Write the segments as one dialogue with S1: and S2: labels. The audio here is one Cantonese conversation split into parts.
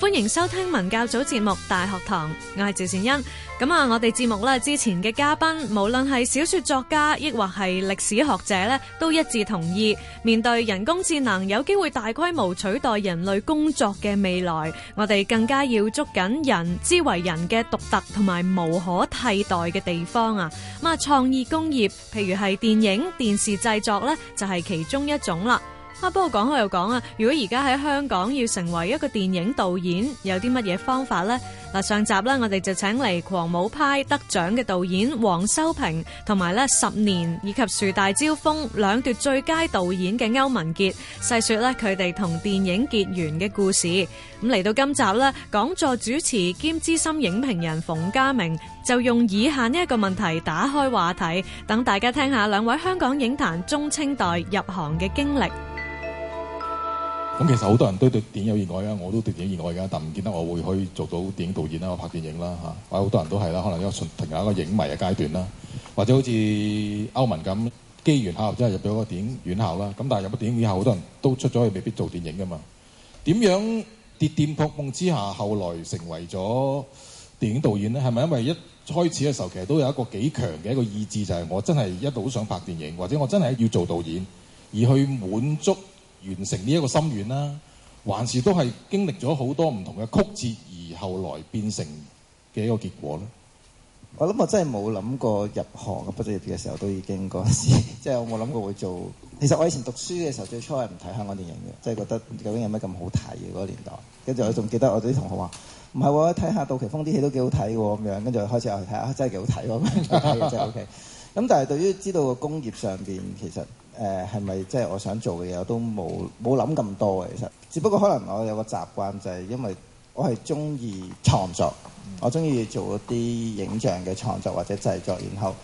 S1: 歡迎收聽文教組節目《大學堂》，我係趙善恩。咁啊，我哋節目咧之前嘅嘉賓，無論係小說作家，亦或係歷史學者咧，都一致同意，面對人工智能有機會大規模取代人類工作嘅未來，我哋更加要捉緊人之為人嘅獨特同埋無可替代嘅地方啊！咁啊，創意工業，譬如係電影、電視製作咧，就係其中一種啦。啊！不過講開又講啊，如果而家喺香港要成為一個電影導演，有啲乜嘢方法呢？嗱，上集啦，我哋就請嚟狂舞派得獎嘅導演黃修平，同埋咧十年以及樹大招風兩奪最佳導演嘅歐文傑細說咧佢哋同電影結緣嘅故事。咁嚟到今集咧，講座主持兼資深影評人馮家明就用以下呢一個問題打開話題，等大家聽下兩位香港影壇中青代入行嘅經歷。
S2: 咁其實好多人都對電影有意外啊，我都對電影有意外㗎，但唔見得我會可以做到電影導演啦，我拍電影啦嚇，或者好多人都係啦，可能一個純係一個影迷嘅階段啦，或者好似歐文咁，機緣巧合即係入咗個電影院校啦，咁但係入咗電影院校好多人都出咗去未必做電影㗎嘛。點樣跌跌碰碰之下，後來成為咗電影導演呢？係咪因為一開始嘅時候其實都有一個幾強嘅一個意志，就係、是、我真係一路好想拍電影，或者我真係要做導演，而去滿足？完成呢一個心願啦，還是都係經歷咗好多唔同嘅曲折，而後來變成嘅一個結果咧。我諗我真係冇諗過入行嘅畢咗業嘅時候，都已經嗰時即係我冇諗過會做。其實我以前讀書嘅時候，最初係唔睇香港電影嘅，即係覺得究竟有咩咁好睇嘅嗰個年代。跟住我仲記得我啲同學話：唔係喎，睇下杜琪峰啲戲都幾好睇喎咁樣。跟住開始又去睇下，真係幾好睇喎咁樣就 OK。咁 但係對於知道個工業上邊其實。誒係咪即係我想做嘅嘢？我都冇冇諗咁多嘅，其實只不過可能我有個習慣，就係、是、因為我係中意創作，嗯、我中意做一啲影像嘅創作或者製作，然後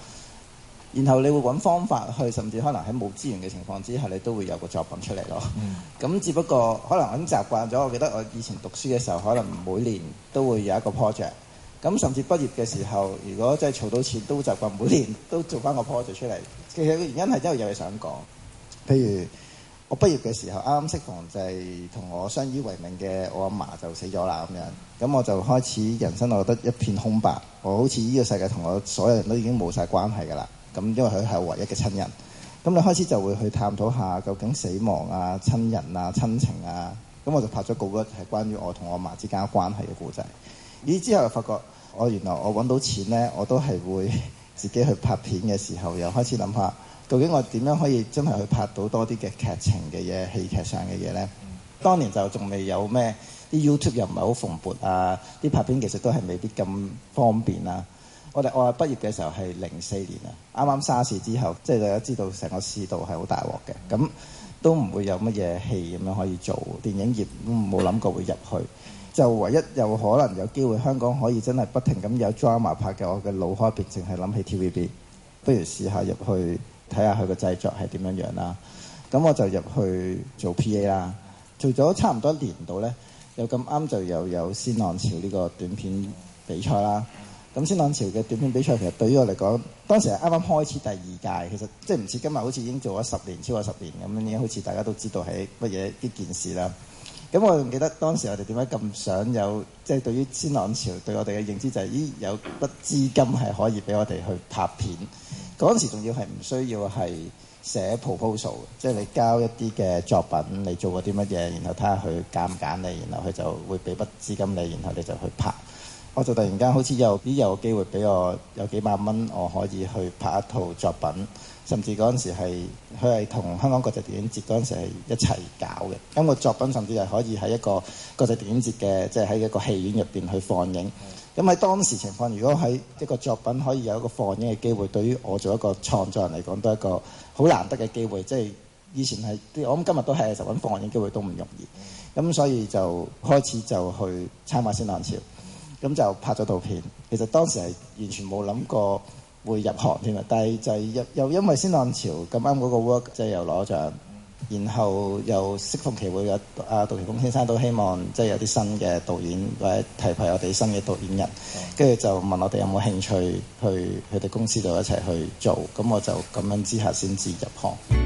S2: 然後你會揾方法去，甚至可能喺冇資源嘅情況之下，你都會有個作品出嚟咯。咁、嗯、只不過可能我習慣咗，我記得我以前讀書嘅時候，可能每年都會有一個 project。咁甚至畢業嘅時候，如果真係儲到錢，都習慣每年都做翻個 project 出嚟。其實個原因係真係有嘢想講，譬如我畢業嘅時候啱啱識房就係、是、同我相依為命嘅我阿嫲就死咗啦咁樣，咁我就開始人生，我覺得一片空白，我好似呢個世界同我所有人都已經冇晒關係噶啦，咁因為佢係唯一嘅親人，咁你開始就會去探討下究竟死亡啊、親人啊、親情啊，咁我就拍咗個個係關於我同我阿嫲之間關係嘅故仔，咦之後又發覺我原來我揾到錢呢，我都係會。自己去拍片嘅時候，又開始諗下，究竟我點樣可以真係去拍到多啲嘅劇情嘅嘢、戲劇上嘅嘢呢？嗯、當年就仲未有咩，啲 YouTube 又唔係好蓬勃啊，啲拍片其實都係未必咁方便啊。我哋我係畢業嘅時候係零四年啊，啱啱沙士之後，即係大家知道成個市道係好大鑊嘅，咁都唔會有乜嘢戲咁樣可以做，電影業都冇諗過會入去。就唯一有可能有機會香港可以真係不停咁有 drama 拍嘅，我嘅腦海入邊淨係諗起 TVB，不如試下入去睇下佢嘅製作係點樣樣啦。咁我就入去做 PA 啦，做咗差唔多一年度呢，又咁啱就又有，有鮮浪潮呢個短片比賽啦。咁鮮浪潮嘅短片比賽其實對於我嚟講，當時係啱啱開始第二屆，其實即係唔似今日好似已經做咗十年，超過十年咁樣，好似大家都知道係乜嘢一件事啦。咁我仲記得當時我哋點解咁想有，即係對於千禧浪潮對我哋嘅認知就係，咦有筆資金係可以俾我哋去拍片。嗰陣時仲要係唔需要係寫 proposal，即係你交一啲嘅作品，你做過啲乜嘢，然後睇下佢揀唔揀你，然後佢就會俾筆資金你，然後你就去拍。我就突然間好似有啲有機會俾我有幾萬蚊，我可以去拍一套作品。甚至嗰陣時係，佢係同香港國際電影節嗰陣時係一齊搞嘅。咁個作品甚至係可以喺一個國際電影節嘅，即係喺一個戲院入邊去放映。咁喺當時情況，如果喺一個作品可以有一個放映嘅機會，對於我做一個創作人嚟講，都係一個好難得嘅機會。即係以前係，我諗今日都係，實揾放映機會都唔容易。咁所以就開始就去參加鮮浪潮，咁就拍咗套片。其實當時係完全冇諗過。會入行添啊！但係就係又又因為先浪潮咁啱嗰個 work，即係又攞獎，然後又適逢其會嘅阿、啊、杜琪峯先生都希望即係有啲新嘅導演，或者提攜我哋新嘅導演人，跟住、嗯、就問我哋有冇興趣去佢哋公司度一齊去做，咁我就咁樣之下先至入行。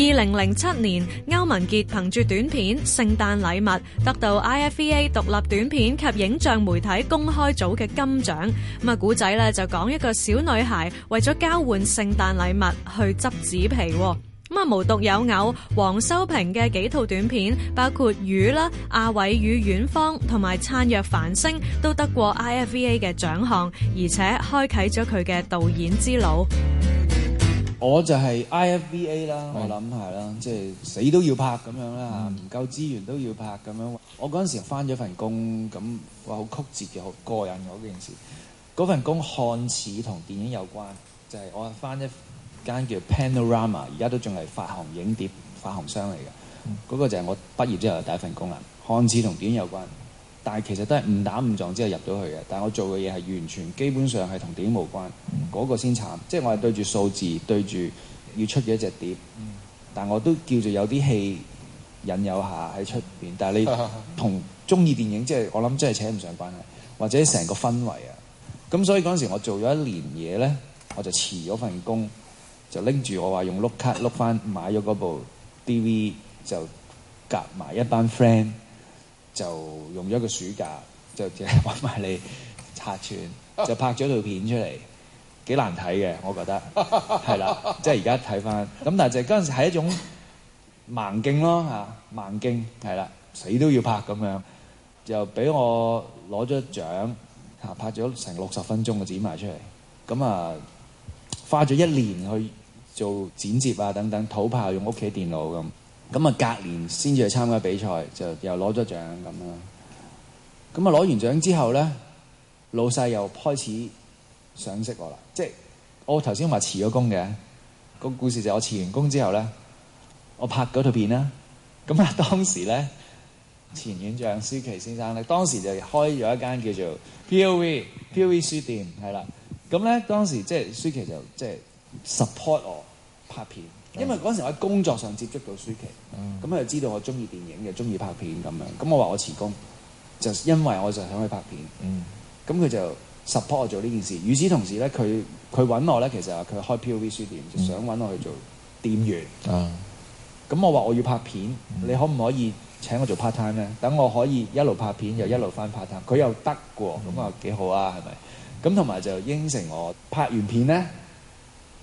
S1: 二零零七年，歐文傑憑住短片《聖誕禮物》得到 IFVA 獨立短片及影像媒體公開組嘅金獎。咁啊，古仔咧就講一個小女孩為咗交換聖誕禮物去執紙皮。咁啊，無獨有偶，黃修平嘅幾套短片，包括《魚》啦、《阿偉與遠方》同埋《燦若繁星》，都得過 IFVA 嘅獎項，而且開啟咗佢嘅導演之路。
S3: 我就係 IFBA 啦，我諗係啦，即係、就是、死都要拍咁樣啦，唔夠資源都要拍咁樣。我嗰陣時返咗份工，咁話好曲折嘅，好過癮嗰件事。嗰份工看似同電影有關，就係、是、我返一間叫 Panorama，而家都仲係發行影碟發行商嚟嘅。嗰、嗯、個就係我畢業之後第一份工啦，看似同電影有關。但係其實都係誤打誤撞之後入到去嘅，但係我做嘅嘢係完全基本上係同電影無關，嗰、mm hmm. 個先慘，即係我係對住數字，對住要出嘅一隻碟，mm hmm. 但我都叫做有啲戲引誘下喺出邊。但係你同中意電影，即係 我諗真係扯唔上關係，或者成個氛圍啊。咁所以嗰陣時我做咗一年嘢呢，我就辭咗份工，就拎住我話用碌卡碌翻買咗嗰部 DV，就夾埋一班 friend。就用咗個暑假，就淨係搵埋你拆穿，就拍咗套片出嚟，幾難睇嘅，我覺得係啦， 即係而家睇翻。咁但係就嗰陣時係一種盲勁咯吓，盲勁係啦，死都要拍咁樣，就俾我攞咗獎吓，拍咗成六十分鐘嘅剪埋出嚟，咁啊花咗一年去做剪接啊等等，土炮用屋企電腦咁。咁啊，隔年先至去參加比賽，就又攞咗獎咁啦。咁啊，攞完獎之後咧，老細又開始賞識我啦。即係我頭先話辭咗工嘅個故事就係我辭完工之後咧，我拍嗰套片啦。咁啊，當時咧，前院長舒琪先生咧，當時就開咗一間叫做 P.O.V. P.O.V. 書店係啦。咁咧，當時即係舒琪就即係 support 我拍片。因為嗰陣時我喺工作上接觸到舒淇，咁佢就知道我中意電影又中意拍片咁樣，咁我話我辭工就因為我就想去拍片，咁佢就 support 我做呢件事。與此同時呢，佢佢揾我呢，其實佢開 POV 書店，嗯、就想揾我去做店員。咁、嗯嗯嗯嗯、我話我要拍片，嗯、你可唔可以請我做 part time 呢？等我可以一路拍片、嗯、又一路返 part time，佢、嗯、又得嘅喎。咁、嗯、我話幾好啊，係咪？咁同埋就應承我拍完片呢。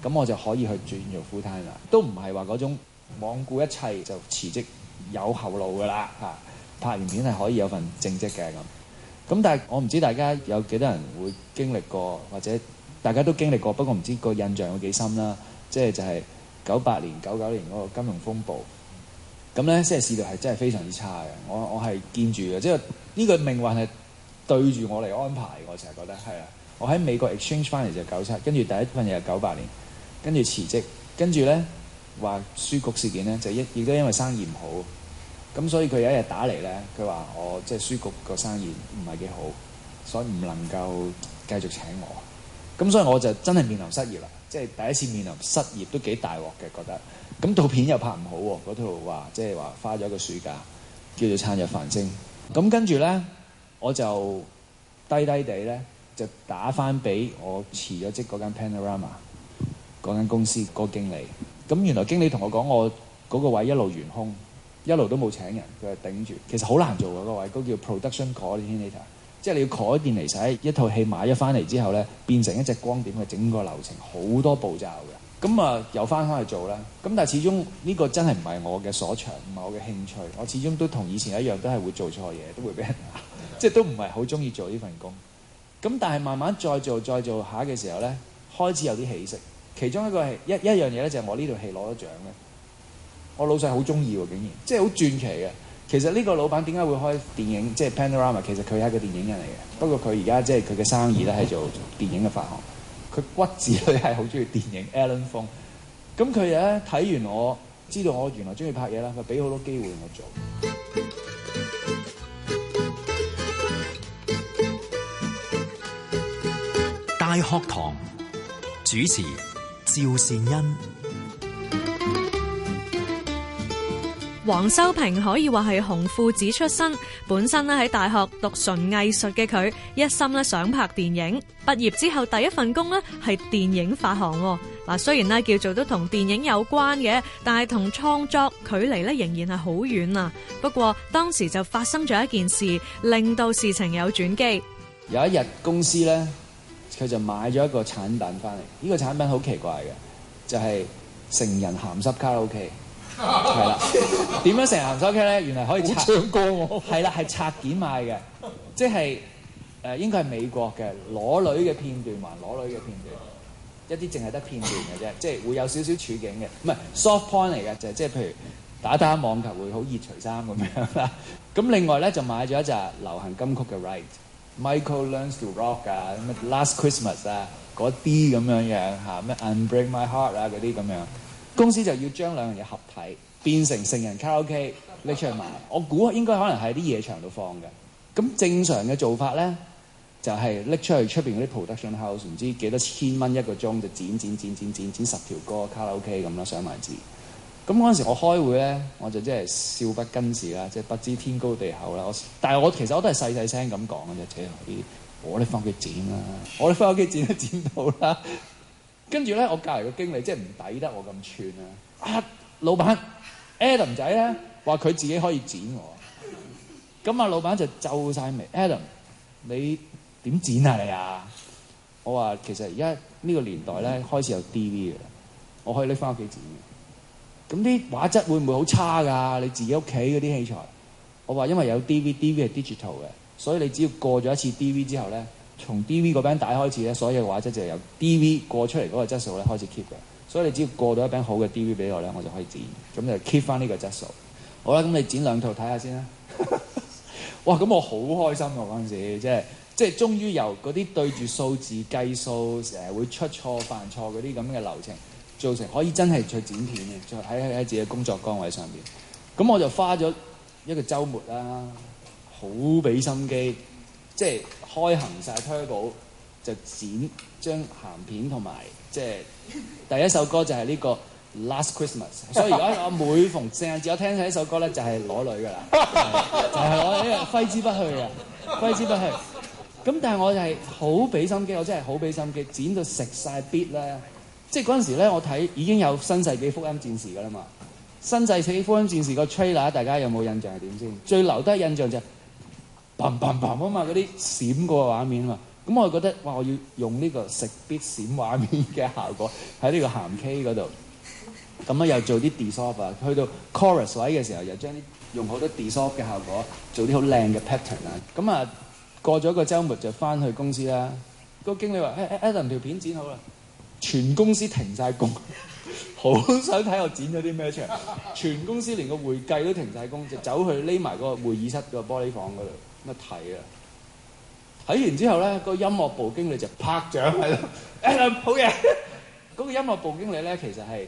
S3: 咁我就可以去轉做 full time 啦，都唔係話嗰種罔顧一切就辭職有後路噶啦嚇。拍完片係可以有份正職嘅咁。咁但係我唔知大家有幾多人會經歷過，或者大家都經歷過，不過唔知個印象有幾深啦。即係就係九八年、九九年嗰個金融風暴，咁呢，即係市道係真係非常之差嘅。我我係見住嘅，即係呢、個命運係對住我嚟安排。我成日覺得係呀。我喺美國 exchange 翻嚟就九七，跟住第一份嘢就九八年。跟住辭職，跟住呢話書局事件呢，就一亦都因為生意唔好，咁所以佢有一日打嚟呢，佢話我即係、就是、書局個生意唔係幾好，所以唔能夠繼續請我，咁所以我就真係面臨失業啦，即係第一次面臨失業都幾大鑊嘅覺得。咁套片又拍唔好喎、啊，嗰套話即係話花咗個暑假叫做《餐日繁星》。咁跟住呢，我就低低地呢，就打返俾我辭咗職嗰間 Panorama，講間公司個經理，咁原來經理同我講，我嗰個位一路圓空，一路都冇請人，佢係頂住。其實好難做嗰、那個位，嗰、那個、叫 production coordinator，即係你要改變嚟使一套戲買咗翻嚟之後咧，變成一隻光點嘅整個流程好多步驟嘅。咁啊，又翻返去做啦。咁但係始終呢個真係唔係我嘅所長，唔係我嘅興趣。我始終都同以前一樣，都係會做錯嘢，都會俾人打，即係 都唔係好中意做呢份工。咁但係慢慢再做再做下嘅時候咧，開始有啲起色。其中一個係一一樣嘢咧，就係我呢套戲攞咗獎咧。我老細好中意喎，竟然即係好傳奇嘅。其實呢個老闆點解會開電影，即係 Panorama，其實佢係一個電影人嚟嘅。不過佢而家即係佢嘅生意咧，係做電影嘅發行。佢骨子裏係好中意電影 ，Alan Feng。咁佢咧睇完我知道我原來中意拍嘢啦，佢俾好多機會我做。大學堂主持。趙善恩，
S1: 黃修平可以話係紅褲子出身，本身咧喺大學讀純藝術嘅佢，一心咧想拍電影。畢業之後第一份工咧係電影發行，嗱雖然咧叫做都同電影有關嘅，但係同創作距離咧仍然係好遠啊。不過當時就發生咗一件事，令到事情有轉機。
S3: 有一日公司咧。佢就買咗一個產品翻嚟，呢、這個產品好奇怪嘅，就係、是、成人鹹濕卡拉 OK，係啦。 點樣成人鹹濕 K 咧？原來可以唱歌喎。係啦， 係拆件買嘅，即係誒、呃、應該係美國嘅裸女嘅片段還裸女嘅片段，一啲淨係得片段嘅啫， 即係會有少少處境嘅，唔係 soft porn 嚟嘅，就係即係譬如打打網球會好熱除衫咁樣啦。咁 另外咧就買咗一隻流行金曲嘅 Right。Michael learns to rock 啊，咩 Last Christmas 啊，嗰啲咁樣樣嚇，咩 Unbreak My Heart 啊嗰啲咁樣，公司就要將兩樣嘢合體變成成成人卡拉 OK，拎出去賣。我估應該可能喺啲夜場度放嘅。咁正常嘅做法咧，就係拎出去出邊嗰啲 production house，唔知幾多千蚊一個鐘就剪剪剪剪剪剪剪十條歌卡拉 OK 咁啦，上埋字。咁嗰陣時，我開會咧，我就真係少不更事啦，即係不知天高地厚啦。我但係我其實我都係細細聲咁講嘅啫，即係我搦翻屋企剪啦，我搦翻屋企剪都剪到啦。跟住咧，我隔離個經理即係唔抵得我咁串啊！啊，老闆，Adam 仔咧話佢自己可以剪我。咁啊，老闆就皺晒眉：Adam，你點剪啊你啊？我話其實而家呢個年代咧開始有 DV 嘅啦，我可以搦翻屋企剪咁啲畫質會唔會好差㗎？你自己屋企嗰啲器材，我話，因為有 D V，D V 係 digital 嘅，所以你只要過咗一次 D V 之後呢，從 D V 嗰餅帶開始呢，所有嘅畫質就由 D V 過出嚟嗰個質素呢開始 keep 嘅。所以你只要過到一餅好嘅 D V 俾我呢，我就可以剪，咁就 keep 返呢個質素。好啦，咁你剪兩套睇下先啦。 哇！咁我好開心喎，嗰時即係即係終於由嗰啲對住數字計數成日會出錯犯錯嗰啲咁嘅流程。做成可以真係去剪片嘅，就喺喺喺自己嘅工作崗位上邊，咁我就花咗一個週末啦，好俾心機，即係開行晒 turbo 就剪張鹹片同埋，即係第一首歌就係呢個 Last Christmas， 所以而家我每逢聖誕節，我聽晒呢首歌咧，就係攞女噶啦，就係、係 就係、我呢個揮之不去嘅，揮之不去。咁但係我就係好俾心機，我真係好俾心機剪到食晒，bit 咧。即係嗰陣時咧，我睇已經有新世紀福音戰士嘛《新世紀福音戰士》噶啦嘛，《新世紀福音戰士》個 trailer 大家有冇印象係點先？最留低印象就係「嘭嘭嘭」啊嘛，嗰啲閃過嘅畫面啊嘛，咁我覺得哇，我要用呢個食 beat 閃畫面嘅效果喺呢個鹹 K 嗰度，咁啊又做啲 dissolve 去到 chorus 位嘅時候，又將啲用好多 dissolve 嘅效果做啲好靚嘅 pattern 啊，咁啊過咗個週末就翻去公司啦。個經理話：「Hey, Adam 條片剪好啦。全公司停晒工，好 想睇我剪咗啲咩出嚟。全公司連個會計都停晒工，就走去匿埋個會議室個玻璃房嗰度乜睇啊！睇完之後咧，個音樂部經理就拍掌係咯， 好嘢！嗰個音樂部經理咧，其實係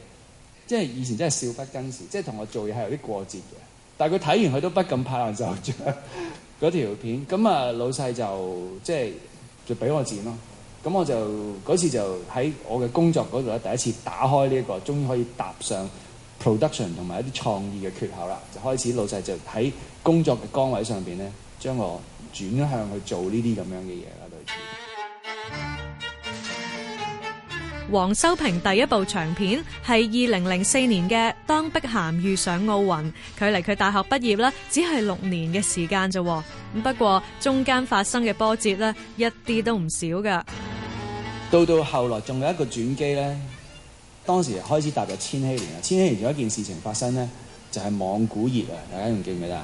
S3: 即係以前真係笑不更事，即係同我做嘢係有啲過節嘅。但係佢睇完佢都不禁拍爛手掌嗰條片。咁啊，老細就即係就俾我剪咯。咁我就次就喺我嘅工作度咧，第一次打開呢、這、一個終於可以踏上 production 同埋一啲創意嘅缺口啦，就開始老細就喺工作嘅崗位上邊咧，將我轉向去做呢啲咁樣嘅嘢啦。
S1: 黃修平第一部長片係二零零四年嘅《當碧咸遇上奧運》，距離佢大學畢業啦，只係六年嘅時間啫。咁不過中間發生嘅波折咧，一啲都唔少噶。
S3: 到到後來仲有一個轉機咧，當時開始踏入千禧年，千禧年仲有一件事情發生咧，就係、是、網股業啊。大家仲記唔記得啊？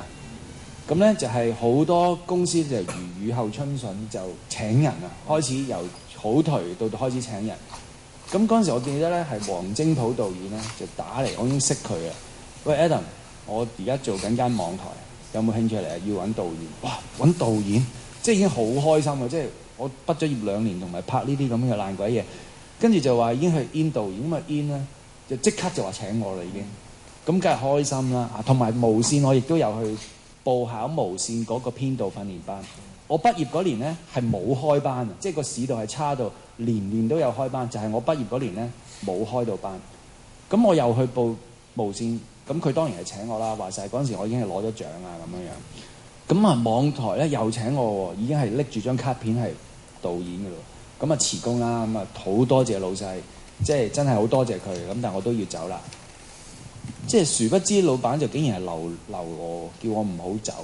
S3: 咁咧就係好多公司就如雨後春筍，就請人啊，開始由好頹到開始請人。咁嗰陣時，我記得咧係黃精甫導演咧就打嚟，我已經識佢嘅。喂，Adam，我而家做緊間網台，有冇興趣嚟啊？要揾導演，哇，揾導演，即係已經好開心嘅，即係我畢咗業兩年，同埋拍呢啲咁嘅爛鬼嘢，跟住就話已經去 In 導演，咁啊 In 啦，就即刻就話請我啦已經。咁梗係開心啦，嚇，同埋無線我亦都有去報考無線嗰個編導訓練班。我畢業嗰年呢，係冇開班，即係個市道係差到年年都有開班，就係、是、我畢業嗰年呢，冇開到班。咁我又去報無線，咁佢當然係請我啦。話晒嗰陣時，我已經係攞咗獎啊咁樣樣。咁啊，網台呢又請我，已經係拎住張卡片係導演噶咯。咁啊辭工啦，咁啊好多謝老細，即係真係好多謝佢。咁但我都要走啦。即係殊不知老闆就竟然係留留我，叫我唔好走。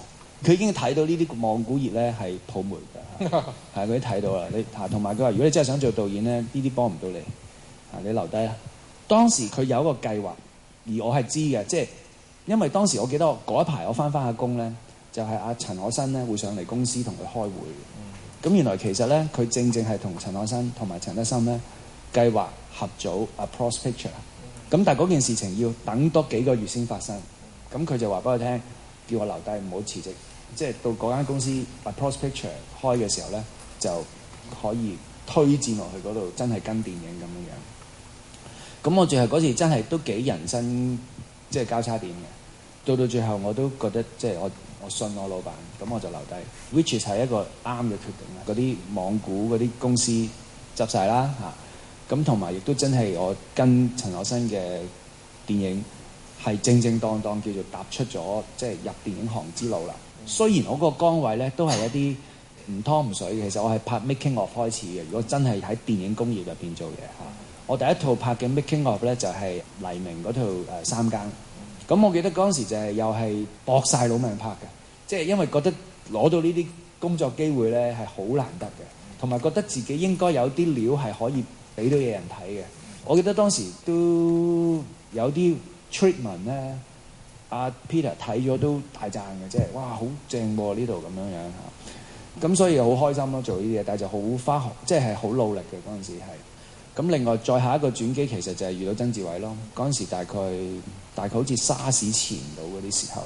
S3: 佢已經睇到呢啲網股熱咧係泡沫㗎，係佢都睇到啦。你同埋佢話：如果你真係想做導演咧，呢啲幫唔到你嚇，你留低啦。當時佢有一個計劃，而我係知嘅，即係因為當時我記得嗰一排我翻翻下工咧，就係阿陳可辛咧會上嚟公司同佢開會嘅。咁原來其實咧，佢正正係同陳可辛同埋陳德森咧計劃合組 Applause Pictures。咁但係嗰件事情要等多幾個月先發生。咁佢就話俾我聽，叫我留低唔好辭職。即係到嗰間公司 a p o a c picture 開嘅時候呢，就可以推薦落去嗰度，真係跟電影咁樣樣。咁我最後嗰時真係都幾人生即係、就是、交叉點嘅。到到最後我都覺得即係、就是、我我信我老闆，咁我就留低，which is 係一個啱嘅決定啦。嗰啲網股嗰啲公司執晒啦嚇，咁同埋亦都真係我跟陳可辛嘅電影係正正當當叫做踏出咗即係入電影行之路啦。雖然我個崗位咧都係一啲唔湯唔水，其實我係拍 making of 開始嘅。如果真係喺電影工業入邊做嘢嚇，我第一套拍嘅 making of 咧就係、是、黎明嗰套誒三更。咁、啊、我記得嗰陣時就係、是、又係搏晒老命拍嘅，即係因為覺得攞到呢啲工作機會咧係好難得嘅，同埋覺得自己應該有啲料係可以俾到嘢人睇嘅。我記得當時都有啲 treatment 咧。阿 Peter 睇咗都大讚嘅，啊啊，即係哇好正喎呢度咁樣樣嚇，咁所以好開心咯做呢啲嘢，但係就好花即係好努力嘅嗰陣時係。咁另外再下一個轉機其實就係遇到曾志偉咯，嗰陣時大概大概好似沙士前度嗰啲時候，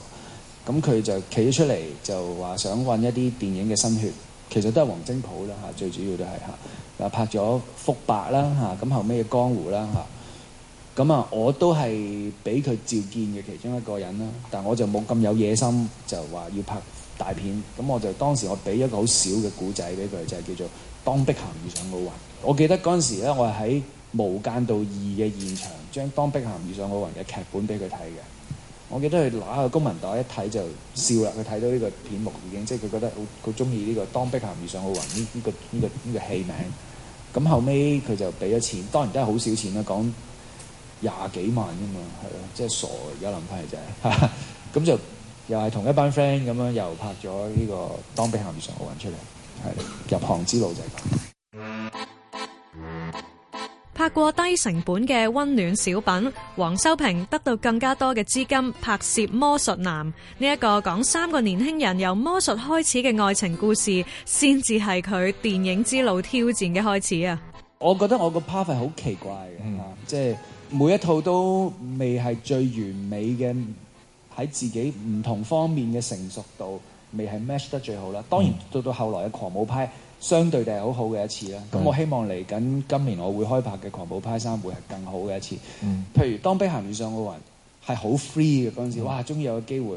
S3: 咁佢就企咗出嚟就話想揾一啲電影嘅新血，其實都係黃精甫啦嚇，最主要都係嚇，嗱拍咗《福伯》啦嚇，咁後尾嘅《江湖》啦嚇。咁啊！我都係俾佢召見嘅其中一個人啦，但我就冇咁有野心，就話要拍大片。咁我就當時我俾一個好小嘅古仔俾佢，就係、是、叫做《當碧咸遇上奧運》。我記得嗰陣時咧，我係喺《無間道二》嘅現場將《當碧咸遇上奧運》嘅劇本俾佢睇嘅。我記得佢攞個公文袋一睇就笑啦，佢睇到呢個片目已經即係佢覺得好好中意呢個《當碧咸遇上奧運》呢、這、呢個呢、這個呢、這個戲、這個、名。咁後尾，佢就俾咗錢，當然都係好少錢啦，講。廿幾萬㗎嘛，係咯，即係傻而家諗翻嚟就係咁就又係同一班 friend 咁樣又拍咗呢個當《當碧咸遇上奧雲》出嚟，係入行之路就係咁。
S1: 拍過低成本嘅溫暖小品，黃修平得到更加多嘅資金拍攝《魔術男》呢、這、一個講三個年輕人由魔術開始嘅愛情故事，先至係佢電影之路挑戰嘅開始啊。
S3: 我覺得我個 part 係好奇怪嘅、嗯，即係。每一套都未係最完美嘅，喺自己唔同方面嘅成熟度未係 match 得最好啦。當然，嗯、到到後來嘅《狂舞派》相對地係好好嘅一次啦。咁、嗯、我希望嚟緊今年我會開拍嘅《狂舞派三》會係更好嘅一次。嗯。譬如《當碧咸遇上奧運》，係好 free 嘅。嗰陣時，哇！終於有個機會，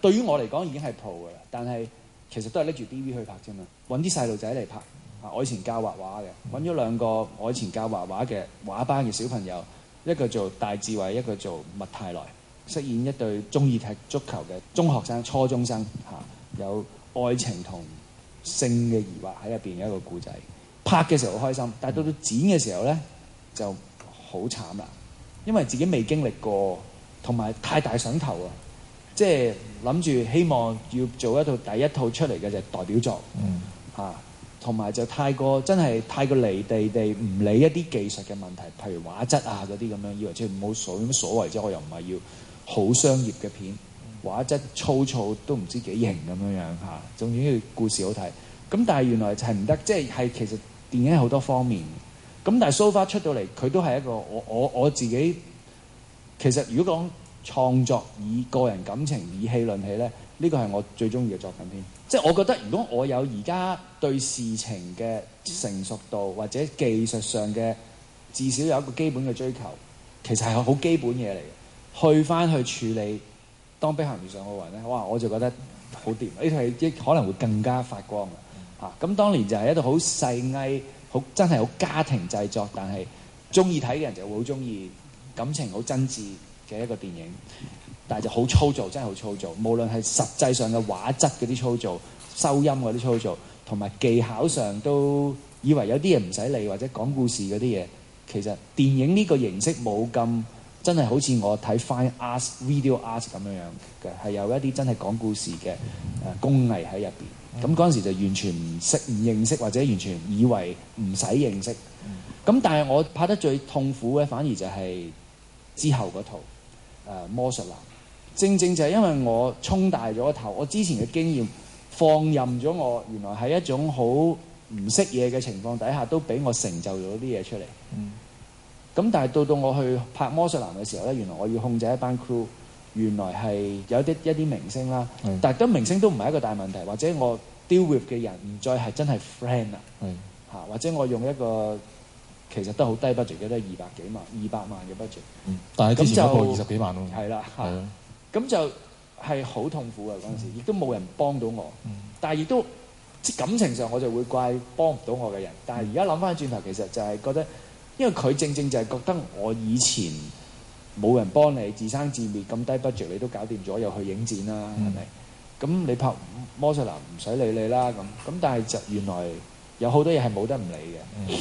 S3: 對於我嚟講已經係 pro 嘅啦。但係其實都係拎住 DV 去拍啫嘛，揾啲細路仔嚟拍啊！我以前教畫畫嘅，揾咗兩個我以前教畫畫嘅畫班嘅小朋友。一個做大智慧，一個做麥泰來，飾演一對中意踢足球嘅中學生、初中生嚇，啊，有愛情同性嘅疑惑喺入邊嘅一個故仔。拍嘅時候好開心，但係到到剪嘅時候呢，就好慘啦，因為自己未經歷過，同埋太大想頭啊，即係諗住希望要做一套第一套出嚟嘅就代表作，嚇、嗯。啊同埋就太過真係太過離地地，唔理一啲技術嘅問題，譬如畫質啊嗰啲咁樣，以為即係冇所所謂啫。我又唔係要好商業嘅片，畫質粗糙都唔知幾型咁樣樣嚇。仲要故事好睇。咁但係原來就係唔得，即係係其實電影好多方面。咁但係《sofa》出到嚟，佢都係一個我我我自己。其實如果講創作以個人感情以戲論戲咧，呢個係我最中意嘅作品添。即係我覺得，如果我有而家對事情嘅成熟度或者技術上嘅至少有一個基本嘅追求，其實係好基本嘢嚟嘅。去翻去處理當兵行唔上嘅雲咧，哇！我就覺得好掂，呢套戲可能會更加發光嘅咁、啊、當年就係一套好細藝，好真係好家庭製作，但係中意睇嘅人就會好中意，感情好真摯嘅一個電影。但係就好粗糙，真係好粗糙。無論係實際上嘅畫質啲操作、收音啲操作，同埋技巧上都以為有啲嘢唔使理，或者講故事啲嘢。其實電影呢個形式冇咁真係好似我睇 Fine Art、Video Art 咁樣樣嘅，係有一啲真係講故事嘅誒工藝喺入邊。咁陣時就完全唔識、唔認識或者完全以為唔使認識，咁但係我拍得最痛苦嘅，反而就係之後套誒、呃、魔術男。正正就係因為我衝大咗個頭，我之前嘅經驗放任咗我，原來喺一種好唔識嘢嘅情況底下，都俾我成就咗啲嘢出嚟。嗯。咁但係到到我去拍《魔術男》嘅時候呢，原來我要控制一班 crew，原來係有啲一啲明星啦。的但係得明星都唔係一個大問題，或者我 deal with 嘅人唔再係真係 friend 啦的。係的。或者我用一個其實都好低 budget，都係二百幾萬、二百萬嘅 budget。嗯。但係之前嗰部二十幾萬喎。係啦就。係啦。咁就係好痛苦啊！嗰陣時，亦都冇人幫到我，嗯、但係亦都喺感情上我就會怪幫唔到我嘅人。但係而家諗翻轉頭，其實就係覺得，因為佢正正就係覺得我以前冇人幫，你自生自滅，咁低 budget，你都搞掂咗，又去影展啦，係咪、嗯？咁你拍《魔術男》唔使理你啦。咁咁，但係就原來有好多嘢係冇得唔理嘅。嗯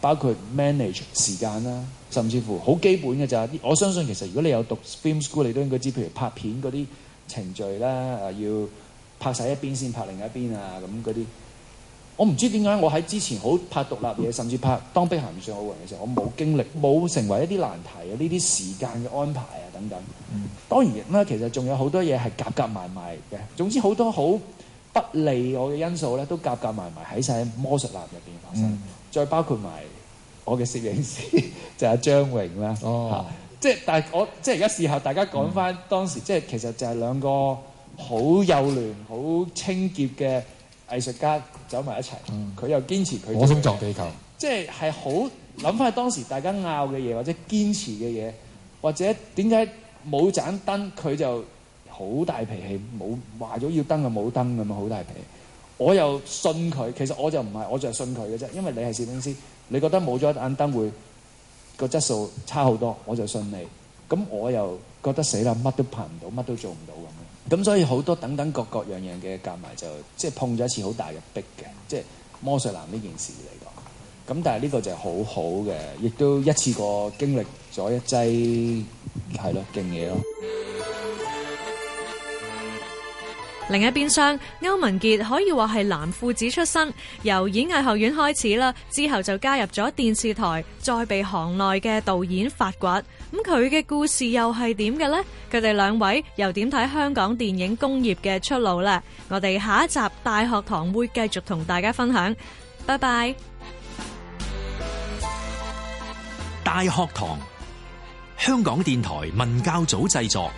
S3: 包括 manage 時間啦，甚至乎好基本嘅就係。我相信其實如果你有讀 film school，你都應該知，譬如拍片嗰啲程序啦，啊要拍晒一邊先拍另一邊啊，咁嗰啲。我唔知點解我喺之前好拍獨立嘢，甚至拍當碧咸遇上奧雲嘅時候，我冇經歷冇成為一啲難題啊呢啲時間嘅安排啊等等。當然啦，其實仲有好多嘢係夾夾埋埋嘅。總之好多好。不利我嘅因素咧，都夾夾埋埋喺晒魔術男入邊
S1: 發生。嗯、
S3: 再包括埋我嘅攝影師就阿、是、張榮啦嚇、哦啊，即係但係我即係而家事後大家講翻當時，嗯、即係其實就係兩個好幼嫩、好清潔嘅藝術家走埋一齊，佢、嗯、又堅持佢火星撞地球，即係係好諗翻起當時大家拗嘅嘢，或者堅持嘅嘢，或者點解冇盞燈佢就？好大脾氣，冇話咗要燈就冇燈咁啊！好大脾氣，我又信佢。其實我就唔係，我就係信佢嘅啫。因為你係攝影師，你覺得冇咗一盞燈會個質素差好多，我就信你。咁我又覺得死啦，乜都拍唔到，乜都做唔到咁樣。咁所以好多等等各各樣樣嘅夾埋，就即係碰咗一次好大嘅壁嘅，即係魔術男呢件事嚟講。咁但係呢個就係好好嘅，亦都一次過經歷咗一劑係咯勁嘢咯。
S1: 另一邊廂，歐文傑可以話係男父子出身，由演藝學院開始啦，之後就加入咗電視台，再被行內嘅導演發掘。咁佢嘅故事又係點嘅呢？佢哋兩位又點睇香港電影工業嘅出路呢？我哋下一集大學堂會繼續同大家分享。拜拜！
S3: 大學堂，香港電台文教組製作。